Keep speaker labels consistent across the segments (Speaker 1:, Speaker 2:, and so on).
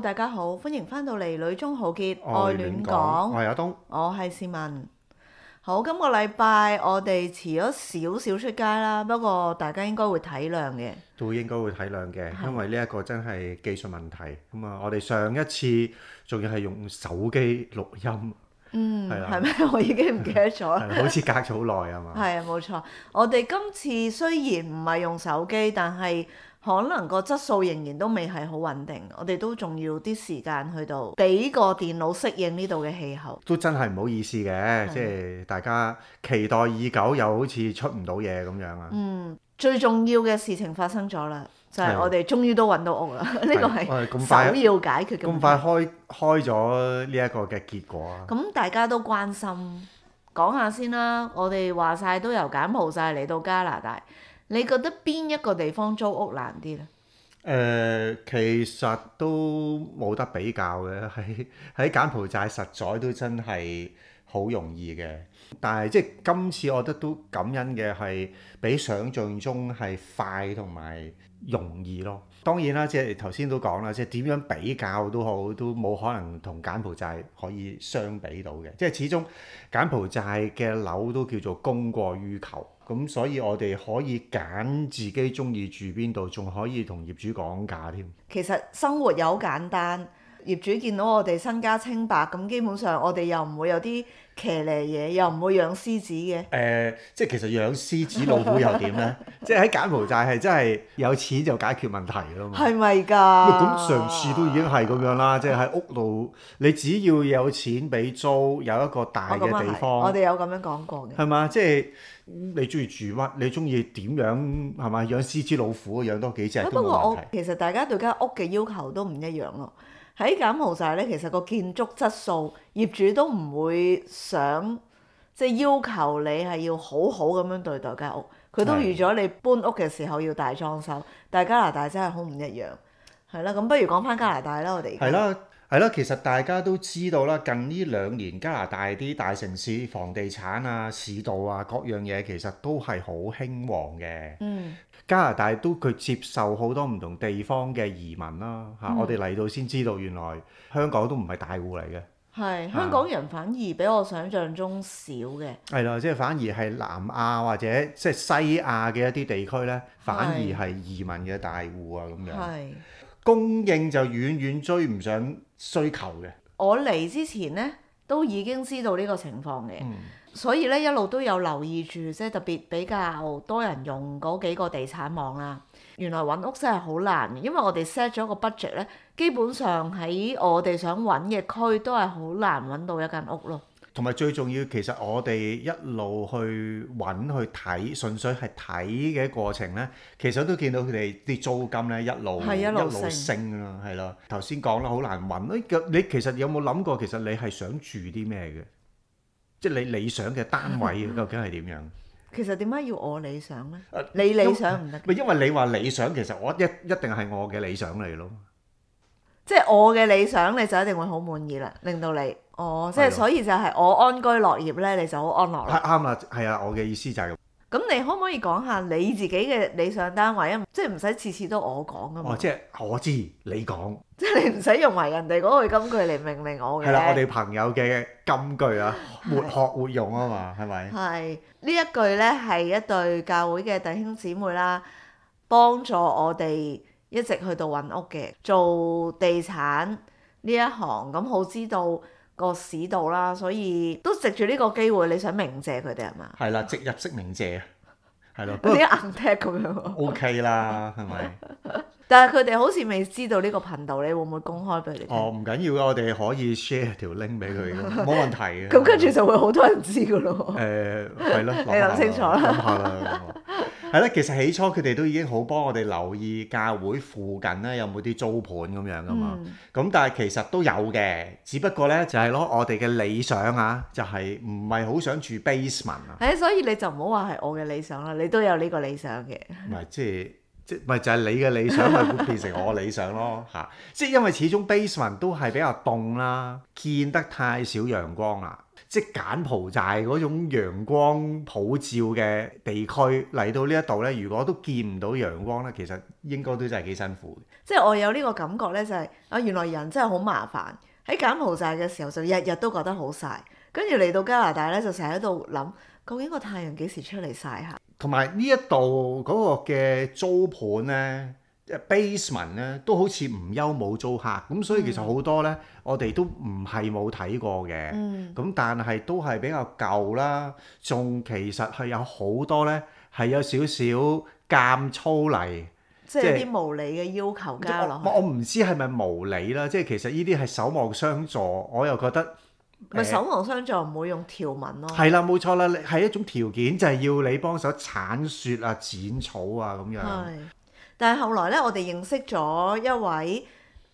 Speaker 1: 大家好，歡迎翻到嚟《女中豪傑愛亂講》，我係阿東，我係市民。好，今個禮拜我哋遲咗少少出街啦，不過大家應該會體諒嘅。
Speaker 2: 都應該會體諒嘅，的因為呢一個真係技術問題。咁啊，我哋上一次仲要係用手機錄音，嗯，
Speaker 1: 係咪的？我已經唔記得咗， 好似
Speaker 2: 隔咗好耐吖嘛？
Speaker 1: 係啊，冇錯。我哋今次雖然唔係用手機，但係，可能個質素仍然都未係好穩定，我哋都仲要啲時間去到俾個電腦適應呢度嘅氣候，
Speaker 2: 都真係唔好意思嘅，即係的大家期待已久又好似出唔到嘢咁樣啊！嗯，
Speaker 1: 最重要嘅事情發生咗啦，就係、是、我哋終於都揾到屋啦，呢個係首要解決咁快，
Speaker 2: 快開開咗呢一個嘅結果啊！
Speaker 1: 咁大家都關心，講下先啦。我哋話晒都由柬埔寨嚟到加拿大。你覺得邊一個地方租屋難啲呢？
Speaker 2: 誒、呃，其實都冇得比較嘅，喺喺柬埔寨實在都真係好容易嘅。但係即係今次我覺得都感恩嘅係，比想像中係快同埋容易咯。當然啦，即係頭先都講啦，即係點樣比較都好，都冇可能同柬埔寨可以相比到嘅。即係始終柬埔寨嘅樓都叫做供過於求。咁所以我哋可以揀自己中意住邊度，仲可以同業主講價添。其實生活
Speaker 1: 又好簡單，業主見到我哋身家清白，咁基本上我哋又唔會有啲。騎呢嘢又唔會養獅子嘅。
Speaker 2: 誒、呃，即係其實養獅子、老虎又點咧？ 即係喺柬埔寨係真係有錢就解決問題㗎嘛。係咪㗎？咁上次都已經係咁樣啦， 即係喺屋度，你只要有錢俾租，有一個大嘅地方，我哋
Speaker 1: 有咁樣講過嘅。
Speaker 2: 係嘛？即係你中意住乜？你中意點樣係嘛？養獅子、老虎，養多幾隻都冇問題。不過我
Speaker 1: 其實大家對間屋嘅要求都唔一樣咯。喺柬埔寨咧，其實個建築質素，業主都唔會想即係要求你係要好好咁樣對待間屋，佢都預咗你搬屋嘅時候要大裝修。但係加拿大真係好唔一樣，係啦，咁不如講翻加拿大啦，我哋係
Speaker 2: 啦，係啦，其實大家都知道啦，近呢兩年加拿大啲大城市房地產啊、市道啊各樣嘢其實都係好興旺嘅。嗯。加拿大都佢接受好多唔同地方嘅移民啦，嚇、嗯！我哋嚟到先知道，原來香港都唔係大戶嚟嘅。
Speaker 1: 係，香港人反而比我想像中少嘅。
Speaker 2: 係啦，即係反而係南亞或者即係西亞嘅一啲地區咧，反而係移民嘅大戶啊咁樣。係，供應就遠遠追唔上需求嘅。
Speaker 1: 我嚟之前咧，都已經知道呢個情況嘅。嗯所以咧一路都有留意住，即係特別比較多人用嗰幾個地產網啦。原來揾屋真係好難，因為我哋 set 咗個 budget 呢，基本上喺我哋想揾嘅區都係好難揾到一間屋咯。
Speaker 2: 同埋最重要，其實我哋一路去揾去睇，純粹係睇嘅過程呢，其實都見到佢哋啲租金呢一路一路升啦，係咯。頭先講啦，好難揾。你其實有冇諗過，其實你係想住啲咩嘅？即係你理想嘅單位究竟係點樣？
Speaker 1: 其實點解要我理想呢？
Speaker 2: 你理想唔得。咪因為你話理想，其實我一一定係我嘅理想嚟咯。
Speaker 1: 即係我嘅理想，你就一定會好滿意啦，令到你，哦，即係所以就係我安居樂業咧，你就好安樂。
Speaker 2: 啱啦，係啊，我嘅意思就係。
Speaker 1: 咁你可唔可以講下你自己嘅理想單位？即係唔使次次都我講噶嘛？哦，即
Speaker 2: 係我知你講，
Speaker 1: 即係你唔使用埋人哋嗰句金句嚟命令我嘅。係啦，我哋
Speaker 2: 朋友嘅金句啊，活學活用啊嘛，係咪？
Speaker 1: 係，呢一句咧，係一對教會嘅弟兄姊妹啦，幫助我哋一直去到揾屋嘅，做地產呢一行，咁好知道。個市道啦，所以都藉住呢個機會，你想鳴謝佢哋係嘛？
Speaker 2: 係啦，即入即鳴謝，係咯，啲
Speaker 1: 硬踢咁樣。OK
Speaker 2: 啦，係咪？
Speaker 1: 但係佢哋好似未知道呢個頻道，你會唔會公開俾佢哋？哦，唔
Speaker 2: 緊要啊，我哋可以 share 條 link 俾佢，冇問題嘅。咁跟住就會好多
Speaker 1: 人知噶咯。
Speaker 2: 誒，係咯，你諗清楚啦。係啦，其實起初佢哋都已經好幫我哋留意教會附近咧有冇啲租盤噉樣㗎嘛。咁、嗯、但係其實都有嘅，只不過咧就係、是、攞我哋嘅理想啊，就係唔係好想住 basement 啊。
Speaker 1: 係、嗯，所以你就唔好話係我嘅理想啦，你都有呢個理想
Speaker 2: 嘅。唔係即係即係，就係、是就是就是、你嘅理想，咪變成我理想咯吓，即係 因為始終 basement 都係比較凍啦、啊，見得太少陽光啦、啊。即柬埔寨嗰種陽光普照嘅地區嚟到呢一度呢，如果都見唔到陽光呢，其實應該都真係幾辛苦嘅。
Speaker 1: 即係我有呢個感覺呢，就係啊，原來人真係好麻煩。喺柬埔寨嘅時候就日日都覺得好曬。跟住嚟到加拿大呢，就成日喺度諗，究竟個太陽幾時出嚟曬下？
Speaker 2: 同埋呢一度嗰個嘅租盤呢。basement 咧都好似唔憂冇租客，咁、嗯、所以其實好多咧，我哋都唔係冇睇過嘅。咁、嗯、但係都係比較舊啦，仲其實係有好多咧，係有少少監粗嚟，
Speaker 1: 即係是啲無理嘅要求我。我
Speaker 2: 我唔知係咪無理啦，即係其實呢啲係守望相助，我又覺得咪守
Speaker 1: 望相助唔會、欸、用條文咯。係
Speaker 2: 啦，冇錯啦，係一種條件，就係、是、要你幫手鏟雪啊、剪草啊咁樣。
Speaker 1: 但係後來咧，我哋認識咗一位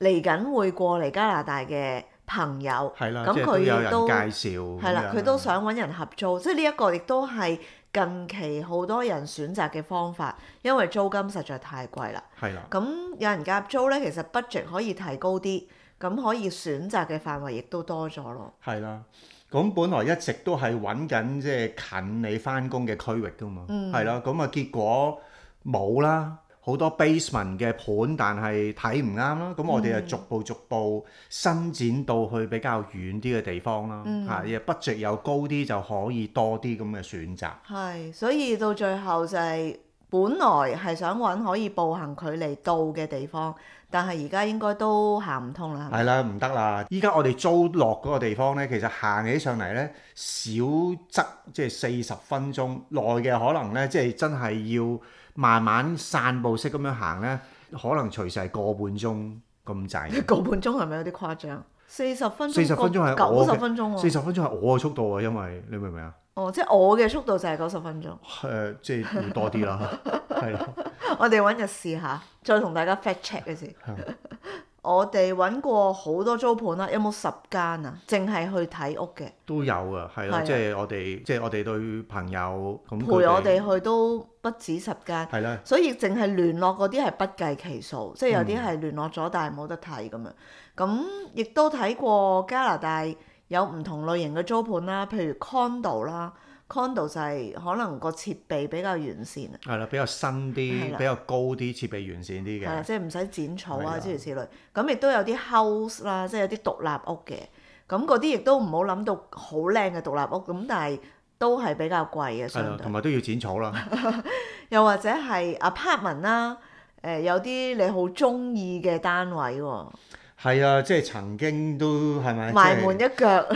Speaker 1: 嚟緊會過嚟加拿大嘅朋友，係啦的，咁佢亦都介紹，係啦，佢的都想揾人合租，的即係呢一個亦都係近期好多人選擇嘅方法，因為租金實在太貴啦，係啦的，咁有人夾租咧，其實 budget 可以提高啲，咁可以選擇嘅範圍亦都多咗咯，
Speaker 2: 係啦，咁本來一直都係揾緊即係近你翻工嘅區域噶嘛，係、嗯、啦，咁啊結果冇啦。好多 basement 嘅盤，但係睇唔啱啦。咁我哋就逐步逐步伸展到去比較遠啲嘅地方啦。嚇、嗯哼，預算又高啲就可以多啲咁嘅選擇。
Speaker 1: 係，所以到最後就係本來係想揾可以步行距離到嘅地方，但係而家應該都行唔通行啦。
Speaker 2: 係啦，唔得啦。依家我哋租落嗰個地方呢，其實行起上嚟呢，少則即係四十分鐘，耐嘅可能呢，即係真係要。慢慢散步式咁樣行呢，可能隨時係個半鐘咁滯。
Speaker 1: 個 半鐘係咪有啲誇張？四十分鐘，四十分鐘係九十分鐘啊。四
Speaker 2: 十分鐘係我嘅速度啊，因為你明唔明啊？
Speaker 1: 哦，即係我嘅速度就係九十分鐘。
Speaker 2: 誒， 即係要多啲啦。係，
Speaker 1: 我哋揾日試下，再同大家 fact check 嘅先。 我哋揾過好多租盤啦、啊，有冇十間啊？淨係去睇屋嘅
Speaker 2: 都有噶，係咯的，即係我哋即係我哋對朋友陪我哋去
Speaker 1: 都不止十間，係啦的，所以淨係聯絡嗰啲係不計其數，即係有啲係聯絡咗、嗯、但係冇得睇咁樣。咁亦都睇過加拿大有唔同類型嘅租盤啦、啊，譬如 condo 啦、啊。condo 就係可能個設備比較完善，
Speaker 2: 係啦，比較新啲，的比較高啲，設備完善啲嘅，係啦，
Speaker 1: 即係唔使剪草啊諸如此類，咁亦都有啲 house 啦，即係有啲獨立屋嘅，咁嗰啲亦都唔好諗到好靚嘅獨立屋，咁但係都係比較貴嘅，同
Speaker 2: 埋都要剪草啦，
Speaker 1: 又或者係 apartment 啦，誒有啲你好中意嘅單位喎。
Speaker 2: 係啊，即係曾經都係咪？是是埋門
Speaker 1: 一腳，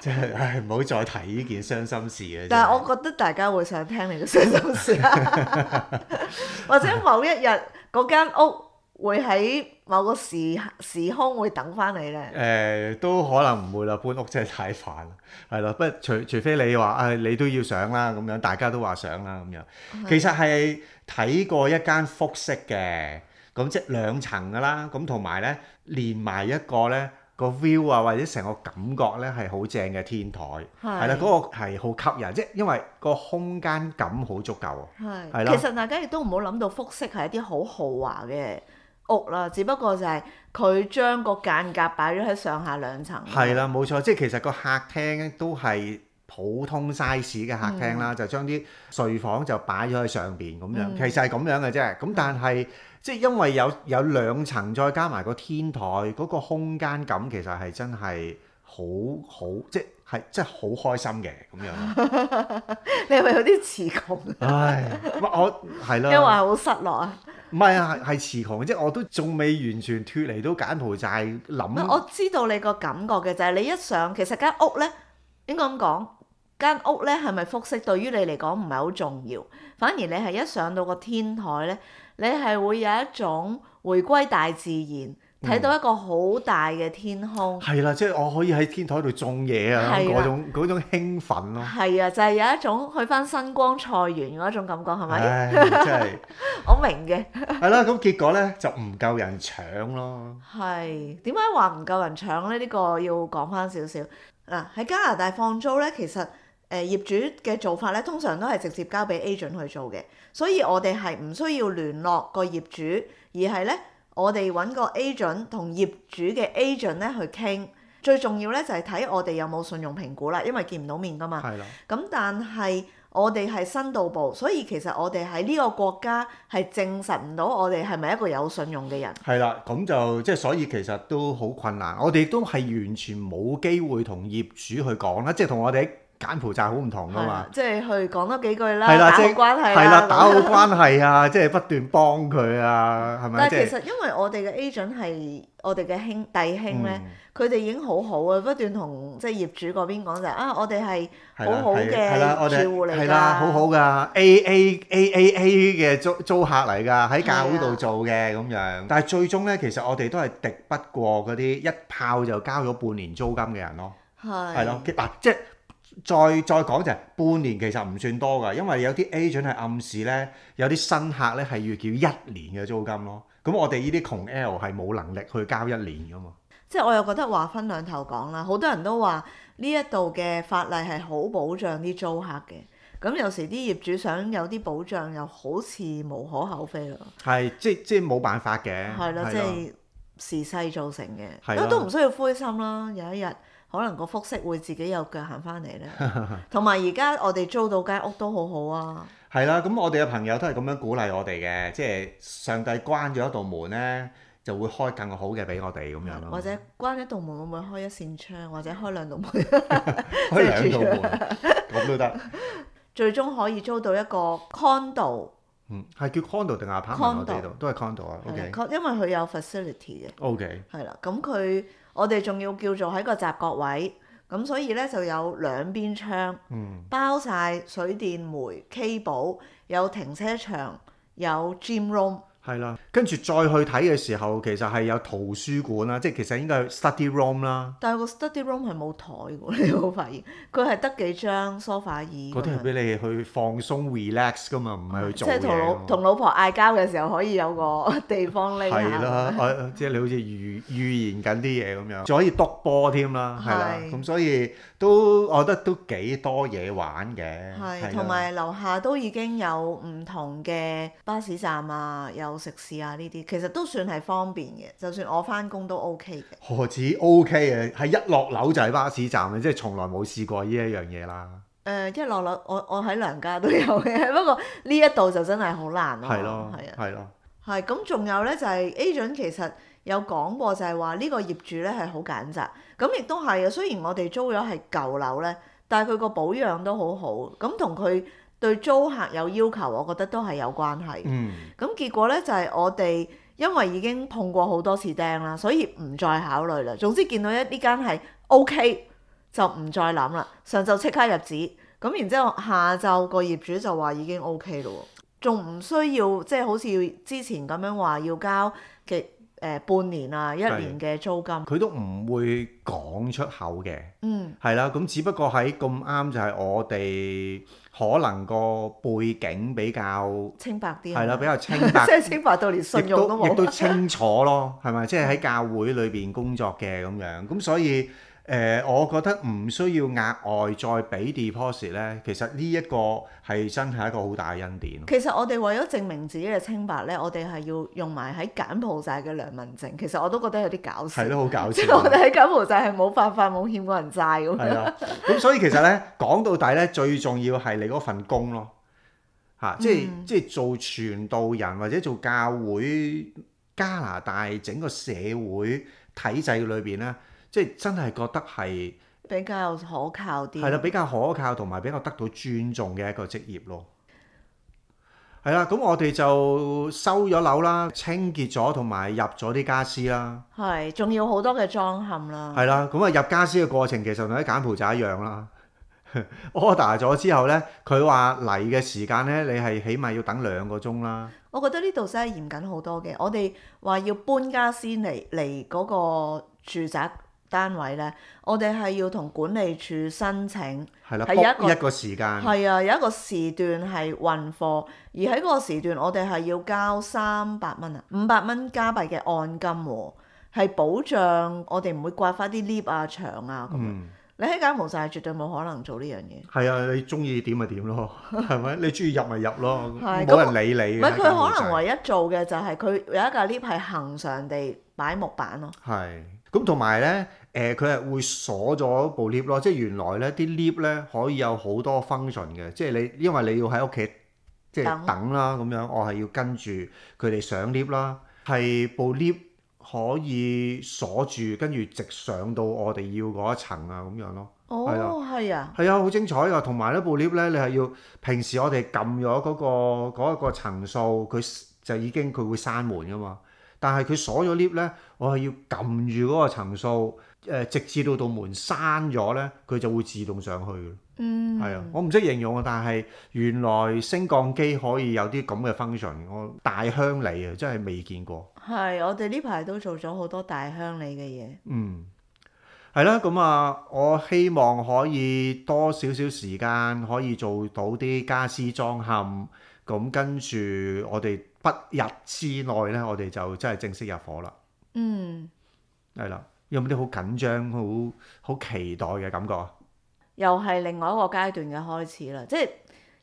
Speaker 2: 即 係唉，唔好再提呢件傷心事啊！但係我
Speaker 1: 覺得大家會想聽你嘅傷心事啊， 或者某一日嗰 間屋會喺某個時時空會等翻你咧？
Speaker 2: 誒、呃，都可能唔會啦，搬屋真係太煩，係啦。不過除除非你話啊，你都要想啦，咁樣大家都話想啦，咁樣的其實係睇過一間複式嘅。咁即係兩層㗎啦，咁同埋咧連埋一個咧個 view 啊，或者成個感覺咧係好正嘅天台，係啦嗰個係好吸引，即係因為個空間感好足夠。
Speaker 1: 係啦，係啦，其實大家亦都唔好諗到複式係一啲好豪華嘅屋啦，只不過就係佢將個間隔擺咗喺上下兩層。係
Speaker 2: 啦，冇錯，即係其實個客廳都係。普通 size 嘅客廳啦，嗯、就將啲睡房就擺咗喺上邊咁樣，其實係咁樣嘅啫。咁、嗯、但係即係因為有有兩層，再加埋個天台，嗰、嗰個空間感其實係真係好好，即係即係好開心嘅咁樣。
Speaker 1: 你係咪有啲詞窮？
Speaker 2: 唉，我係啦，因為
Speaker 1: 好失落 啊。
Speaker 2: 唔係啊，係詞窮，即係我都仲未完全脱離到柬埔寨。諗。我
Speaker 1: 知道你個感覺嘅就係你一上，其實間屋呢，應該咁講。間屋咧係咪複式？是是對於你嚟講唔係好重要，反而你係一上到個天台咧，你係會有一種回歸大自然，睇、嗯、到一個好大嘅天空。係啦、
Speaker 2: 啊，即係我可以喺天台度種嘢啊，嗰、啊、種嗰種，種興奮咯、啊。係
Speaker 1: 啊，就係、是、有一種去翻新光菜園嗰種感覺，係咪？即、哎、真係。 我明嘅白。
Speaker 2: 係 啦、啊，咁結果咧就唔夠人搶咯。
Speaker 1: 係，點解話唔夠人搶咧？呢、這個要講翻少少。嗱，喺加拿大放租咧，其實。誒業主嘅做法咧，通常都係直接交俾 agent 去做嘅，所以我哋係唔需要聯絡個業主，而係咧我哋揾個 agent 同業主嘅 agent 咧去傾。最重要咧就係、是、睇我哋有冇信用評估啦，因為見唔到面㗎嘛。係啦的。咁但係我哋係新到埗，所以其實我哋喺呢個國家係證實唔到我哋係咪一個有信用嘅人。
Speaker 2: 係啦，咁就即係所以其實都好困難。我哋都係完全冇機會同業主去講啦，即係同我哋。柬埔寨好唔同噶嘛？即
Speaker 1: 係去講多幾句啦，打好關係啦，打好關係
Speaker 2: 啊！即係不斷幫佢啊，係咪？但係其實
Speaker 1: 因為我哋嘅 agent 係我哋嘅兄弟兄咧，佢哋已經好好啊，不斷同即係業主嗰邊講就係啊，我哋係
Speaker 2: 好好嘅，係保護嚟㗎，係啦，好好㗎，A A A A A 嘅租租客嚟㗎，喺教會度做嘅咁樣。但係最終咧，其實我哋都係敵不過嗰啲一炮就交咗半年租金嘅人咯。
Speaker 1: 係係咯，嗱
Speaker 2: 即係。再再講就係半年其實唔算多噶，因為有啲 agent 係暗示呢，有啲新客呢係要繳一年嘅租金咯。咁我哋呢啲窮 L 係冇能力去交一年噶嘛。
Speaker 1: 即係我又覺得話分兩頭講啦，好多人都話呢一度嘅法例係好保障啲租客嘅。咁有時啲業主想有啲保障，又好似無可厚非咯。
Speaker 2: 係，即係冇辦法嘅。係咯，即係
Speaker 1: 時勢造
Speaker 2: 成嘅。都都唔需
Speaker 1: 要灰心啦，有一日。可能個復式會自己有腳行翻嚟咧，同埋而家我哋租到間屋都好好啊。
Speaker 2: 係啦、 啊，咁我哋嘅朋友都係咁樣鼓勵我哋嘅，即係上帝關咗一道門咧，就會開更好嘅俾我哋咁樣咯。或者
Speaker 1: 關一道門，會唔會開一扇窗，或者開兩道門
Speaker 2: ，demain bastante 開兩道
Speaker 1: 門咁都得。最終可以租到一個 condo，嗯，
Speaker 2: 係叫 condo 定 apartment 都係 condo 啊。OK，嗯、
Speaker 1: 因為佢有 facility 嘅 Okay.。OK，係啦、嗯，咁佢。我哋仲要叫做喺個雜角位，咁所以咧就有兩邊窗，包晒水電煤 K 保，cable，有停車場，有 gym room。
Speaker 2: 係啦，跟住再去睇嘅時候，其實係有圖書館啦，即係其實應該係 study room 啦。
Speaker 1: 但係個 study room 係冇枱嘅，你有冇發現？佢係得幾張梳化椅。嗰啲係
Speaker 2: 俾你去放鬆 relax 㗎嘛，唔係去做嘢。即係同老同
Speaker 1: 老婆嗌交嘅時候，可以有個地方匿。係啦，
Speaker 2: 即係你好似預預言緊啲嘢咁樣，仲可以篤波添啦，係啦。咁所以都我覺得都幾多嘢玩嘅。係，同埋
Speaker 1: 樓下都已經有唔同嘅巴士站啊，有。食肆啊，呢啲其實都算係方便嘅。就算我翻工都 OK 嘅。
Speaker 2: 何止 OK 啊？喺一落樓就係巴士站嘅，即係從來冇試過呢一樣嘢啦。
Speaker 1: 誒、呃，一落樓，我我喺娘家都有嘅， 不過呢一度就真係好難
Speaker 2: 咯。係咯，係啊，係咯。
Speaker 1: 係咁，仲有咧就係、是、agent 其實有講過，就係話呢個業主咧係好揀擇。咁亦都係啊。雖然我哋租咗係舊樓咧，但係佢個保養都好好。咁同佢，對租客有要求，我覺得都係有關係。咁、嗯、結果咧就係、是、我哋因為已經碰過好多次釘啦，所以唔再考慮啦。總之見到一呢間係 OK，就唔再諗啦。上晝即刻入紙，咁然之後下晝個業主就話已經 OK 啦，仲唔需要即係、就是、好似之前咁樣話要交嘅。誒、呃、半年啊，一年嘅
Speaker 2: 租金，佢都唔會講出口嘅。嗯，係啦，咁只不過喺咁啱就係我哋可能個背景比較
Speaker 1: 清白啲，係啦，比
Speaker 2: 較清白，即
Speaker 1: 係 清白到連信用都冇，亦都，都清
Speaker 2: 楚咯，係咪？即係喺教會裏邊工作嘅咁樣，咁所以。誒、呃，我覺得唔需要額外再俾 deposit 咧，其實呢一個係真係一個好大嘅恩典。
Speaker 1: 其實我哋為咗證明自己嘅清白咧，我哋係要用埋喺柬埔寨嘅良民證，其實我都覺得有啲搞笑。係咯，
Speaker 2: 好搞笑！ 我哋
Speaker 1: 喺柬埔寨係冇犯法冇欠過人債咁的。係啊，
Speaker 2: 咁所以其實咧，講到底咧，最重要係你嗰份工咯嚇、啊，即係、嗯、即係做傳道人或者做教會，加拿大整個社會體制裏邊咧。即係真係覺得係
Speaker 1: 比較可靠啲，係啦，比
Speaker 2: 較可靠同埋比較得到尊重嘅一個職業咯。係啦，咁我哋就收咗樓啦，清潔咗同埋入咗啲家私啦。
Speaker 1: 係，仲要好多嘅裝嵌啦。
Speaker 2: 係啦，咁啊入家私嘅過程其實同喺柬埔寨一樣啦。 order 咗之後呢，佢話嚟嘅時間呢，你係起碼要等兩個鐘啦。
Speaker 1: 我覺得呢度真係嚴謹好多嘅。我哋話要搬家私嚟嚟嗰個住宅。單位咧，我哋係要同管理處申請，係啦，係一個
Speaker 2: 時間，係啊，
Speaker 1: 有一個時段係運貨，而喺個時段我哋係要交三百蚊啊，五百蚊加幣嘅按金喎，係保障我哋唔會刮翻啲 lift 啊牆啊。嗯，你喺柬埔寨係絕對冇可能做呢樣
Speaker 2: 嘢。係啊，你中意點咪點咯，係咪？你中意入咪入咯，冇人理你。唔係佢可能唯
Speaker 1: 一做嘅就係佢有一架 lift 係恆常地擺木板咯。
Speaker 2: 係。咁同埋咧，誒佢係會鎖咗部 lift 咯，即係原來咧啲 lift 咧可以有好多 function 嘅，即係你因為你要喺屋企即係等啦咁，等樣，我係要跟住佢哋上 lift 啦，係部 lift 可以鎖住，跟住直上到我哋要嗰一層啊咁樣咯。哦，係啊，
Speaker 1: 係啊，
Speaker 2: 好、啊、精彩㗎！同埋呢部 lift 咧，你係要平時我哋撳咗嗰個嗰一、嗰個層數，佢就已經佢會閂門㗎嘛。但係佢鎖咗 lift 咧，我係要撳住嗰個層數，誒，直至到道門閂咗咧，佢就會自動上去。嗯，係啊，我唔識形容啊，但係原來升降機可以有啲咁嘅 function，我大鄉里啊，真係未見過。
Speaker 1: 係，我哋呢排都做咗好多大鄉里嘅嘢。嗯，
Speaker 2: 係啦，咁啊，我希望可以多少少時間可以做到啲家私裝嵌，咁跟住我哋。不日之內咧，我哋就真係正式入伙啦。嗯，係啦，有冇啲好緊張、好好期待嘅感覺啊？
Speaker 1: 又係另外一個階段嘅開始啦，即係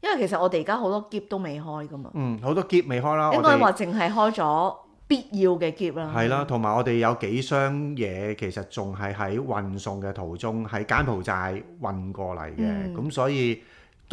Speaker 1: 因為其實我哋而家好多喼都未開噶嘛。嗯，
Speaker 2: 好多喼未開啦。應該話
Speaker 1: 淨係開咗必要嘅喼啦。係啦
Speaker 2: 們，同埋我哋有幾箱嘢，其實仲係喺運送嘅途中，喺柬埔寨運過嚟嘅，咁、嗯嗯、所以。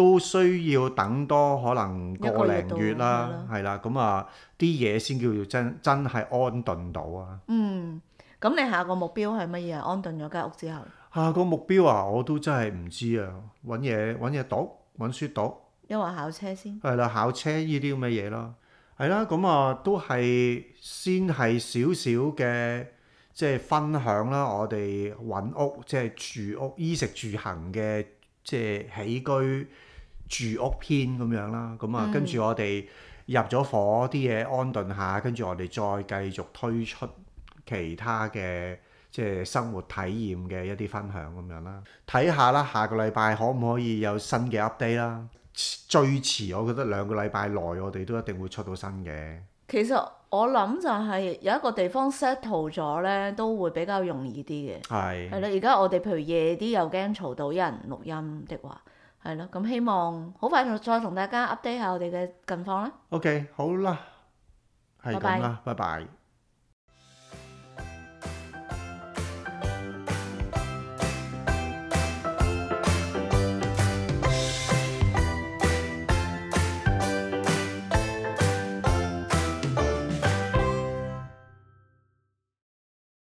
Speaker 2: 都需要等多可能個零月啦，係啦，咁啊啲嘢先叫做真真係安頓到啊。嗯，
Speaker 1: 咁的、嗯、你下個目標係乜嘢？安頓咗間屋之後，
Speaker 2: 下個目標啊，我都真係唔知啊，揾嘢揾嘢讀，揾書讀，
Speaker 1: 因為考車先
Speaker 2: 係啦，考車呢啲咁嘅嘢咯，係啦，咁啊、嗯嗯、都係先係少少嘅即係分享啦。我哋揾屋即係住屋，衣食住行嘅即係起居。住屋篇咁樣啦，咁啊跟住我哋入咗伙，啲嘢安頓下，跟住我哋再繼續推出其他嘅即係生活體驗嘅一啲分享咁樣啦、啊，睇下啦，下個禮拜可唔可以有新嘅 update 啦？最遲我覺得兩個禮拜內我哋都一定會出到新嘅。
Speaker 1: 其實我諗就係有一個地方 settle 咗呢都會比較容易啲嘅。係係啦，而家我哋譬如夜啲又驚嘈到有人錄音的話。係咯，咁希望好快同再同大家 update 下我哋嘅近況啦。
Speaker 2: OK，好啦，係咁啦，拜 拜。